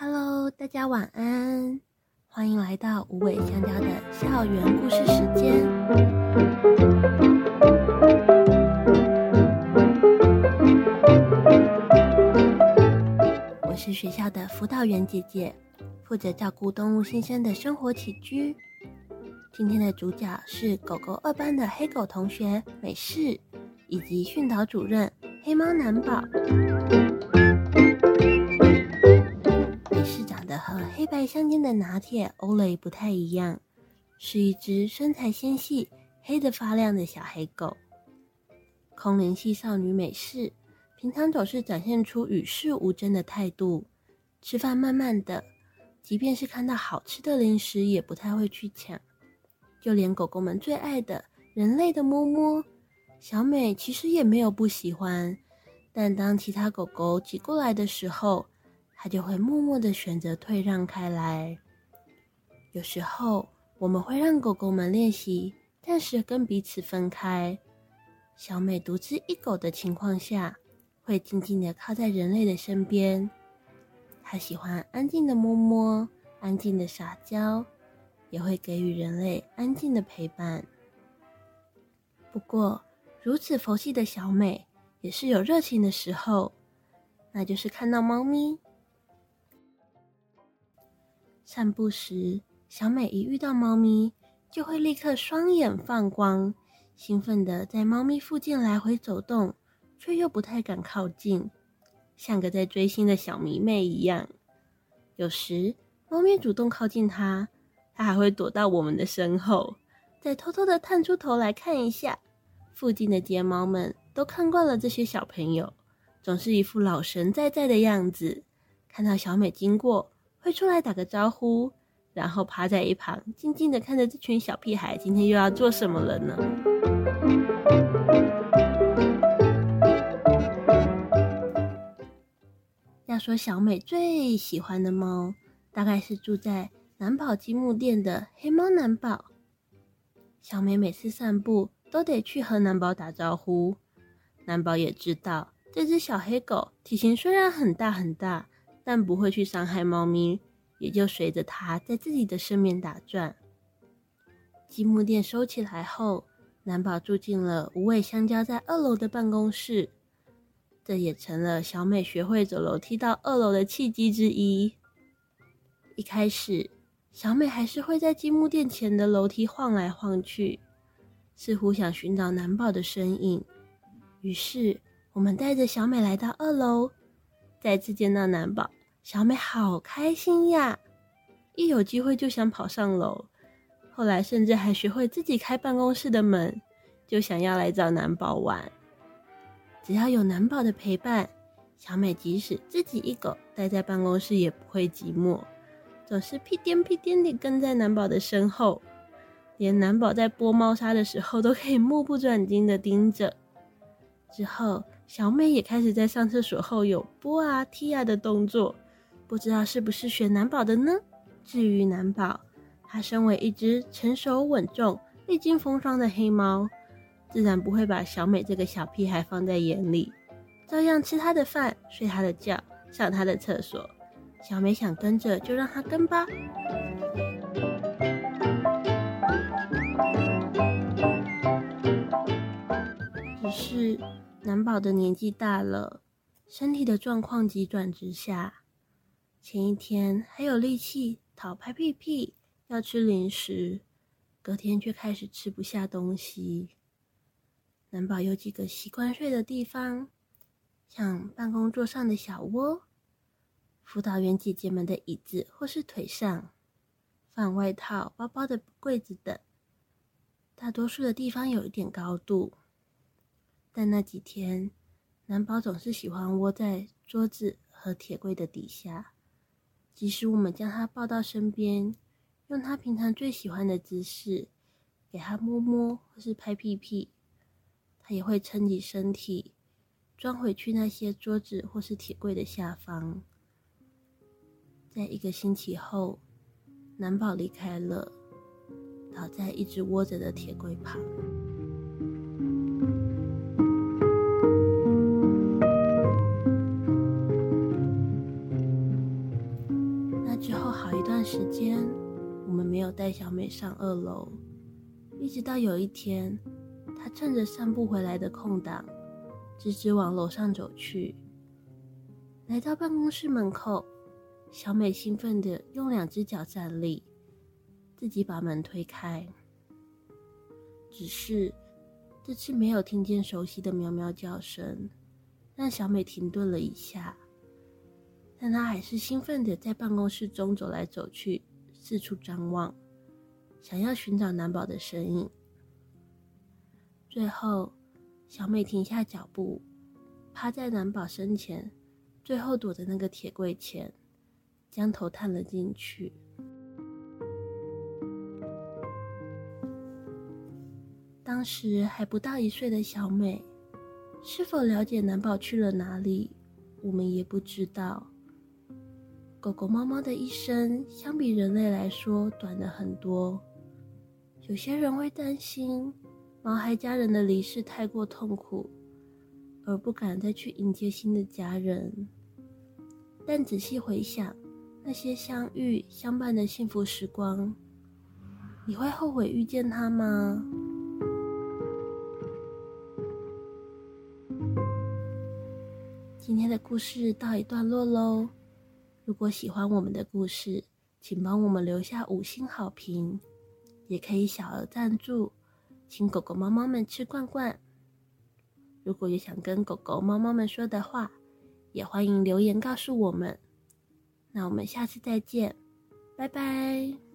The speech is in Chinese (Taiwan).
Hello，大家晚安，歡迎來到無尾香蕉的校園故事時間。我是學校的輔導員姐姐，負責照顧動物先生的生活起居。今天的主角是狗狗二班的黑狗同學美式，以及訓導主任黑貓南寶。和黑白相間的拿鐵歐蕾不太一樣，是一隻身材纖細、黑得發亮的小黑狗。空靈系少女美式，平常總是展現出與世無爭的態度，吃飯慢慢的，即便是看到好吃的零食也不太會去搶。就連狗狗們最愛的人類的摸摸，小美其實也沒有不喜歡，但當其他狗狗擠過來的時候，它就會默默的選擇退讓開來。有時候，我們會讓狗狗們練習暫時跟彼此分開。小美獨自一狗的情況下，會靜靜的靠在人類的身邊。它喜歡安靜的摸摸，安靜的撒嬌，也會給予人類安靜的陪伴。不過，如此佛系的小美也是有熱情的時候，那就是看到貓咪。散步時，小美一遇到貓咪，就會立刻雙眼放光，興奮地在貓咪附近來回走動，卻又不太敢靠近，像個在追星的小迷妹一樣。有時貓咪主動靠近它，它還會躲到我們的身後，再偷偷地探出頭來看一下。附近的街貓們都看慣了這些小朋友，總是一副老神在在的樣子。看到小美經過，會出來打個招呼，然後趴在一旁靜靜的看着這群小屁孩今天又要做什麼了呢？要說小美最喜歡的貓，大概是住在南寶積木店的黑貓南寶。小美每次散步都得去和南寶打招呼，南寶也知道這隻小黑狗體型雖然很大很大，但不會去傷害貓咪，也就隨着它在自己的身邊打轉。積木店收起來後，南寶住進了無尾香蕉在二樓的辦公室，這也成了小美學會走樓梯到二樓的契機之一。一開始，小美還是會在積木店前的樓梯晃來晃去，似乎想尋找南寶的身影。於是，我們帶着小美來到二樓，再次見到南寶。小美好開心呀，一有機會就想跑上樓，後來甚至還學會自己開辦公室的門，就想要來找南寶玩。只要有南寶的陪伴，小美即使自己一狗待在辦公室也不會寂寞，總是屁顛屁顛地跟在南寶的身後，連南寶在撥貓砂的時候都可以目不轉睛的盯着。之後，小美也開始在上廁所後有撥啊踢啊的動作。不知道是不是選南寶的呢？至於南寶，他身為一隻成熟穩重、歷經風霜的黑貓，自然不會把小美這個小屁孩放在眼裡，照樣吃他的飯，睡他的覺，上他的廁所。小美想跟着就讓他跟吧。只是南寶的年紀大了，身體的狀況急轉直下。前一天還有力氣討拍屁屁，要吃零食，隔天卻開始吃不下東西。南寶有幾個習慣睡的地方，像辦公桌上的小窩、輔導員姐姐們的椅子或是腿上、放外套、包包的櫃子等。大多數的地方有一點高度，但那幾天南寶總是喜歡窩在桌子和鐵櫃的底下。即使我們將他抱到身邊，用他平常最喜歡的姿勢給他摸摸或是拍屁屁，他也會撐起身體，鑽回去那些桌子或是鐵櫃的下方。在一個星期後，南寶離開了，倒在一直窩着的鐵櫃旁。那段時間，我們沒有帶小美上二樓，一直到有一天，她趁着散步回來的空檔，直直往樓上走去。來到辦公室門口，小美興奮地用兩隻腳站立，自己把門推開。只是這次沒有聽見熟悉的喵喵叫聲，讓小美停頓了一下。但他還是興奮的在辦公室中走來走去，四處張望，想要尋找南寶的身影。最後，小美停下腳步，趴在南寶身前，最後躲在那個鐵櫃前，將頭探了進去。當時還不到一歲的小美，是否了解南寶去了哪裡，我們也不知道。狗狗、貓貓的一生，相比人類來說短了很多。有些人會擔心毛孩家人的離世太過痛苦，而不敢再去迎接新的家人。但仔細回想那些相遇相伴的幸福時光，你會後悔遇見他嗎？今天的故事告一段落嘍。如果喜歡我們的故事，請幫我們留下五星好評，也可以小額贊助，請狗狗、貓貓們吃罐罐。如果有想跟狗狗、貓貓們說的話，也歡迎留言告訴我們。那我們下次再見，拜拜。